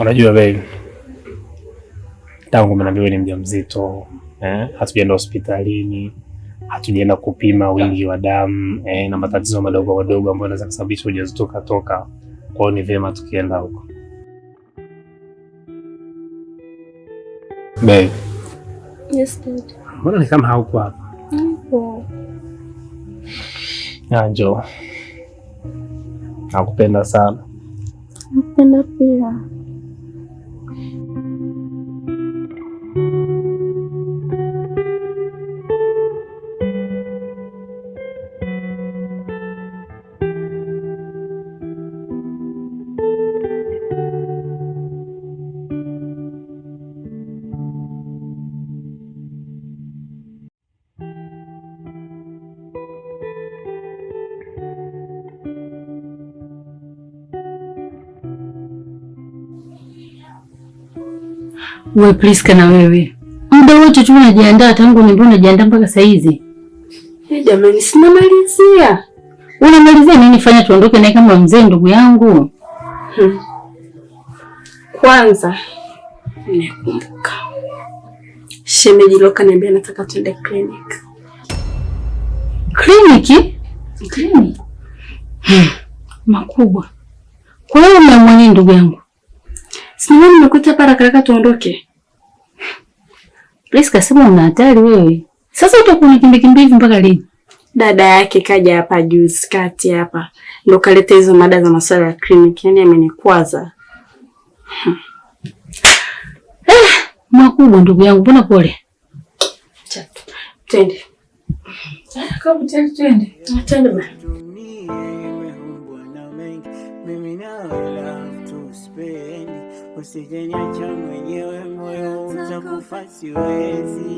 Unajua bei tangu mimi na wewe ni mjamzito eh, hatujaenda hospitalini, hatujaenda kupima wingi wa damu eh, na matatizo madogo madogo ambayo yanaweza kusababisha ujauzito ukatoka. Kwa hiyo ni vyema tukienda huko baby. Yes Mbona ni kama hauko hapa? Anjo, ah, nakupenda sana. Nakupenda pia. Uwe Priska na wewe muda wote tu unajiandaa, tangu niambia unajiandaa mpaka saa hizi. Hey, eh, jamani sinamalizia. Unamalizia nini? Fanya tuondoke naye kama mzee, ndugu yangu. Hmm. Kwanza nikumbuka shemeji Loka niambia nataka tuende clinic. Kliniki? Kliniki. Hmm. Makubwa. Kwa hiyo unamwamini ndugu yangu? Sina nimekuita hapa haraka haraka tuondoke. Please kasema una hatari wewe. Sasa utakuwa unakimbia kimbia hivi mpaka lini? Dada yake kaja hapa juzi kati hapa ndo kaleta hizo mada za masuala ya kliniki, yaani amenikwaza. Eh, makubwa ndugu yangu, mbona pole. Twende. Twende. Twende. Twende. Usijeniacha mwenyewe, moyo utakufa, siwezi.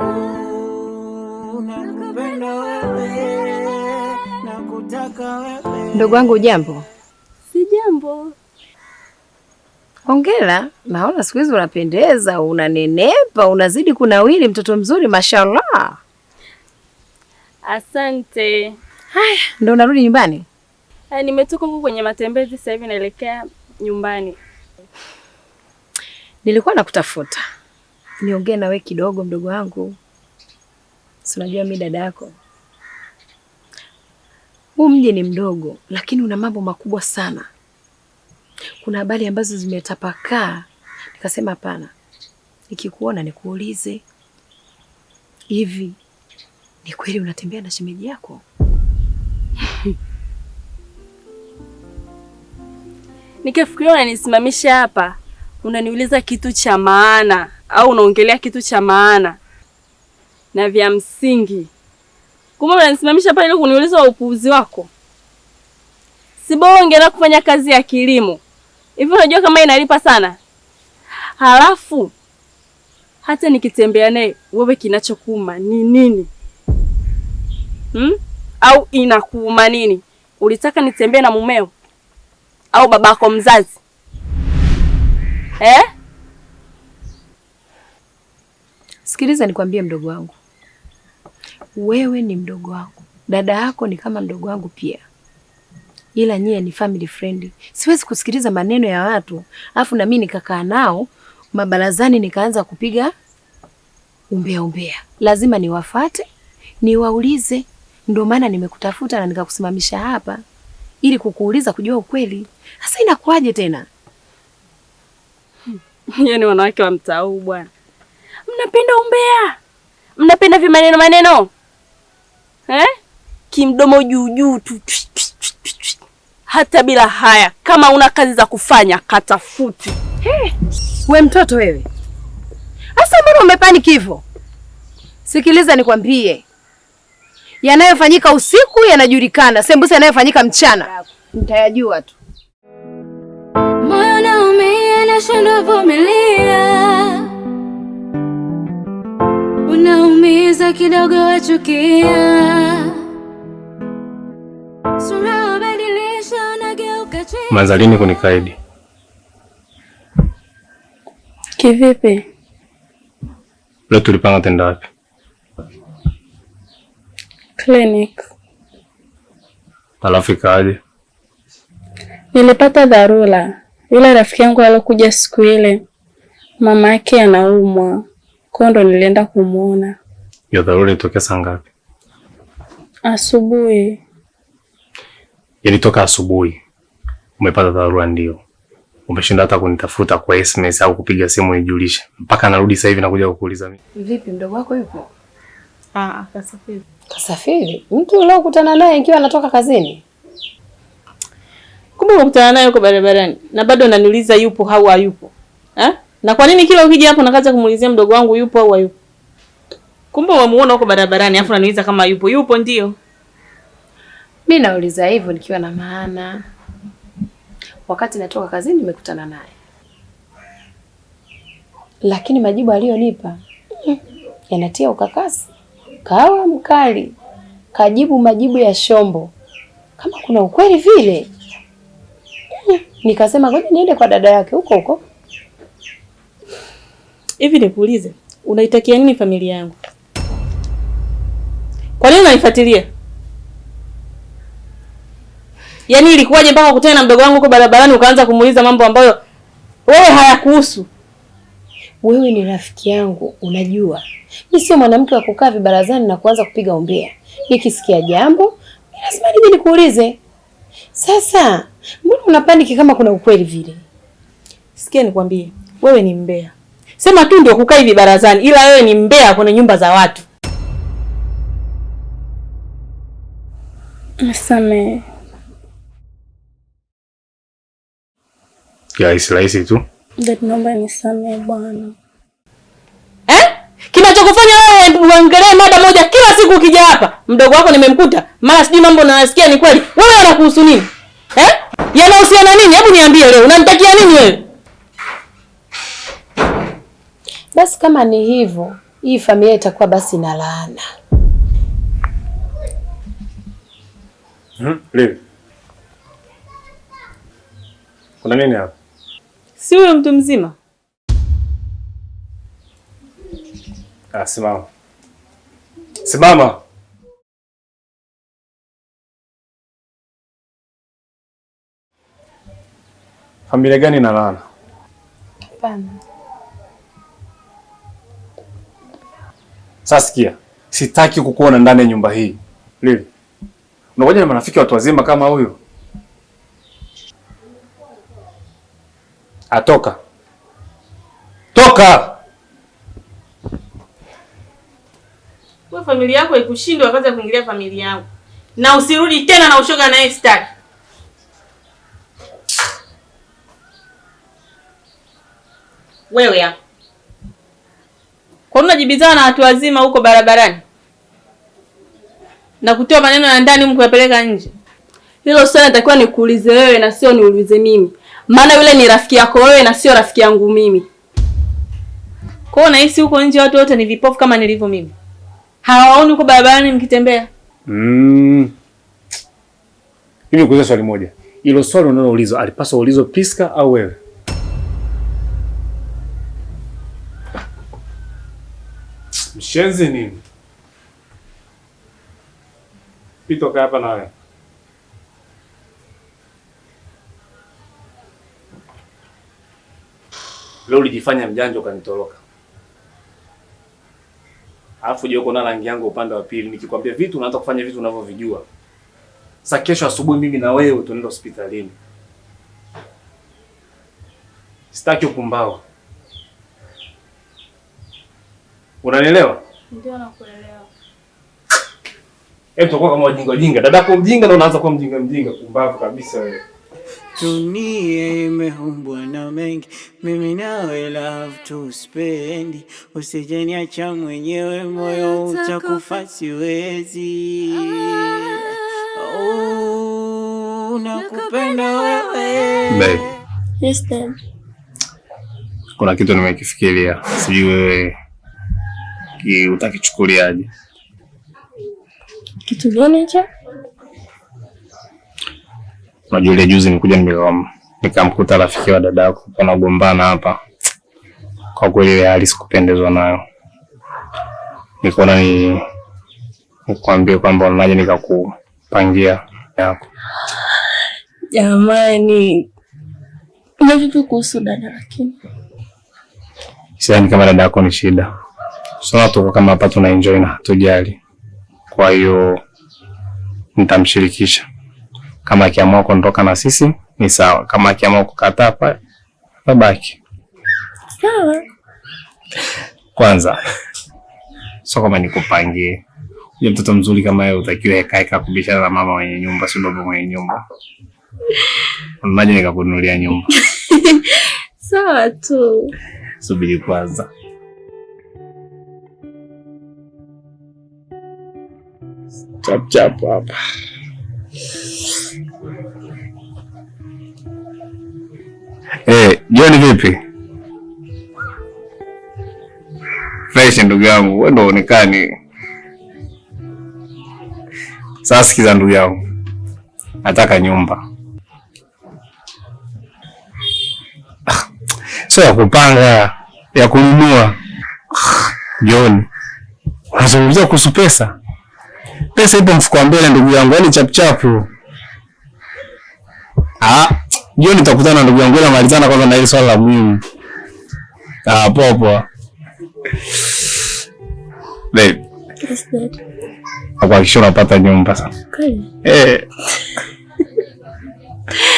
Ah, Nakupenda wewe, nakutaka wewe. Ndugu wangu, jambo? Si jambo. Hongera, naona siku hizi unapendeza, unanenepa, unazidi kunawili, mtoto mzuri, mashallah. Asante. Haya, ndo unarudi nyumbani? Eh, Nimetoka huko kwenye matembezi, sasa hivi naelekea nyumbani. Nilikuwa nakutafuta niongee nawe kidogo, mdogo wangu. Si unajua mimi dada yako, huu mji ni mdogo, lakini una mambo makubwa sana. Kuna habari ambazo zimetapakaa, nikasema hapana, nikikuona nikuulize, hivi ni kweli unatembea na shemeji yako? nikifikiria unanisimamisha hapa, unaniuliza kitu cha maana au unaongelea kitu cha maana na vya msingi, kumbe unanisimamisha hapa ili kuniuliza upuuzi wako. Si bora ungeenda kufanya kazi ya kilimo? Hivi unajua kama inalipa sana? Halafu hata nikitembea naye, wewe kinachokuuma ni nini hmm? au inakuuma nini? Ulitaka nitembee na mumeo? au babako mzazi eh? Sikiliza nikwambie, mdogo wangu, wewe ni mdogo wangu, dada yako ni kama mdogo wangu pia, ila nyie ni family friend. Siwezi kusikiliza maneno ya watu afu na mimi nikakaa nao mabarazani nikaanza kupiga umbea umbea. Lazima niwafate niwaulize, ndio maana nimekutafuta na nikakusimamisha hapa ili kukuuliza kujua ukweli. Sasa inakuwaje tena? Hmm. Yaani wanawake wa mtaa huu bwana, mnapenda umbea, mnapenda vi maneno eh? Kimdomo juu juu tu, hata bila haya. Kama una kazi za kufanya katafuti. Hey, we mtoto wewe, sasa mbona umepanikivo Sikiliza nikwambie, yanayofanyika usiku yanajulikana, sembuse yanayofanyika mchana nitayajua tu. Moyo naumia, nashindwa vumilia, unaumiza kidogo, wachukia sura, wabadilisha, unageuka chini. Mazalini kunikaidi? Kivipi? Leo tulipanga tenda wapi? clinic. Alafu ikaje? Nilipata dharura, ila rafiki yangu alokuja siku ile mama yake anaumwa, kwa ndo nilienda kumwona. Hiyo dharura ilitokea saa ngapi? Asubuhi. Yaani toka asubuhi umepata dharura? Ndio. Umeshinda hata kunitafuta kwa SMS au kupiga simu nijulishe, mpaka narudi sasa hivi nakuja kukuuliza mimi. Vipi mdogo wako yupo? Ah, kasafiri. Kasafiri? Mtu uliokutana naye ikiwa anatoka kazini? Kumbe umekutana naye huko barabarani na bado unaniuliza yupo au hayupo? Eh? Na kwa nini kila ukija hapo nakaza kumuulizia mdogo wangu yupo au hayupo? Kumbe umemuona huko barabarani afu unaniuliza kama yupo. Yupo ndio. Mimi nauliza hivyo nikiwa na maana. Wakati natoka kazini nimekutana naye. Lakini majibu aliyonipa hmm, yanatia ukakasi kawa mkali kajibu majibu ya shombo kama kuna ukweli vile. Nikasema ngoja niende kwa dada yake huko huko. Hivi nikuulize, unaitakia nini familia yangu? Kwa nini unanifuatilia? Yaani ilikuwaje mpaka kukutana na mdogo wangu huko barabarani ukaanza kumuuliza mambo ambayo wewe hayakuhusu? wewe ni rafiki yangu, unajua mimi sio mwanamke wa kukaa vibarazani na kuanza kupiga umbea. Nikisikia jambo lazima nije nikuulize. Sasa mbona unapaniki kama kuna ukweli vile? Sikia nikwambie, wewe ni mbea. Sema tu ndio kukaa hivi barazani, ila wewe ni mbea kwenye nyumba za watu. Msame. Ya, rahisi tu Naomba nisamehe bwana. Eh? Kinachokufanya wewe uangalie mada moja kila siku ukija hapa, mdogo wako nimemkuta, mara sijui mambo nayasikia ni kweli. Wewe yanakuhusu nini? Eh? Yanahusiana nini? Hebu niambie leo. Unanitakia nini wewe? Basi kama ni hivyo, hii familia itakuwa basi na laana. Hmm, leo. Kuna nini hapa? si huyo mtu mzima. Ah, simama simama. Familia gani na Lana? Hapana. Sasa sikia, sitaki kukuona ndani ya nyumba hii. Lili, unakuja na marafiki watu wazima kama huyo atoka toka. Kwa familia yako ikushinde, wakati ya kuingilia familia yangu, na usirudi tena na ushoga naye staki. Wewe ya kwa nini unajibizana na watu wazima huko barabarani na kutoa maneno ya ndani mkuyapeleka nje? Hilo swali natakiwa nikuulize wewe na sio niulize mimi maana yule ni rafiki yako wewe na sio rafiki yangu mimi. Kwa hiyo nahisi huko nje watu wote ni vipofu kama nilivyo mimi? Hawaoni huko barabarani mkitembea? Mm. Hivi nikuulize swali moja. Hilo swali unaloulizwa alipaswa ulizo Priska au wewe? Mshenzi nini? Pito kaya hapa na wewe. Leo ulijifanya mjanja ukanitoroka. Alafu je, uko na rangi yangu upande wa pili. Nikikwambia vitu unaanza kufanya vitu unavyovijua. Sasa kesho asubuhi mimi na wewe tunaenda hospitalini. Sitaki ukumbao. Unanielewa? Ndio nakuelewa. Eh, tutakuwa kama wajinga wajinga. Dadako mjinga na unaanza kuwa mjinga mjinga, kumbavu kabisa wewe. Dunia imeumbwa na mengi, mimi nawe love tu spendi, usijeniacha mwenyewe, moyo utakufa, siwezi oh, nakupenda wewe. Yes, Kuna kitu nimekifikiria, sijui wewe utakichukuliaje. Kitu gani hicho? Unajua ile juzi nikuja nikamkuta rafiki wa dada yako wanagombana hapa, kwa kweli ile hali sikupendezwa nayo, nikaona ni nikuambie kwamba unaje nikakupangia yako. Jamani, na vipi kuhusu dada? Lakini siani kama dada yako ni shida sana, tuko kama hapa tuna enjoy na hatujali, kwa hiyo nitamshirikisha kama akiamua kuondoka na sisi ni sawa, kama akiamua kukataa pa tabaki sawa. Kwanza sio kama nikupangie huyo mtoto mzuri kama yeye, utakiwa ekae kakubishana na mama mwenye nyumba, si baba mwenye nyumba. Unaje nikakunulia nyumba? sawa tu, subiri kwanza. Chap chap hapa Eh, John vipi? Fresh ndugu yangu, wewe ndo uonekane. Sasa sikiza ndugu yangu. Nataka nyumba. Ah, sio ya kupanga, ya kununua. John, unazungumzia kuhusu pesa? Pesa ipo mfuko wa mbele ndugu yangu, yani chapchapu. Ah, Njoo nitakutana ndugu yangu na malizana kwanza na hili swala la muhimu. Ah, poa poa. Babe. Yes, dad. Hapo akisha unapata nyumba sasa. Kweli? Eh.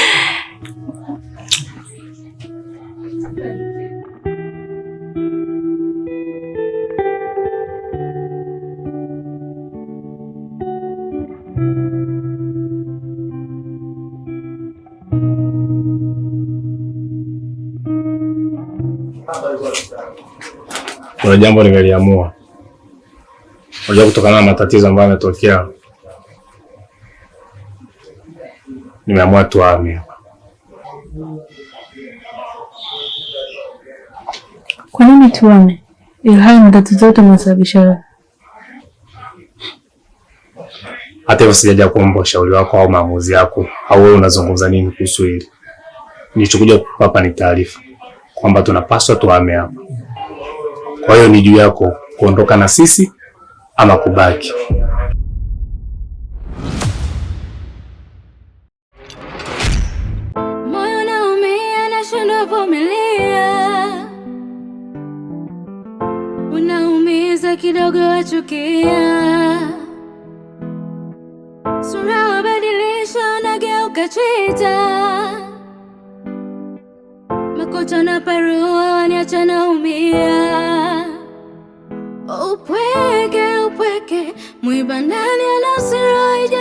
kuna jambo nimeliamua. Unajua, kutokana na matatizo ambayo yametokea, nimeamua tuame Kwa nini tuame, ilhali matatizo yote mnasababisha? Hata hivyo sijaja kuomba ushauri wako au maamuzi yako, au wewe unazungumza nini kuhusu hili? Nilichokuja hapa ni taarifa kwamba tunapaswa tuhame hapa. Kwa hiyo ni juu yako kuondoka na sisi ama kubaki. Moyo unaumiza kidogo, wachukia, sura wabadilisha, unageuka chita kidogo chanaparua niachanaumia upweke upweke mwibandani anasiraija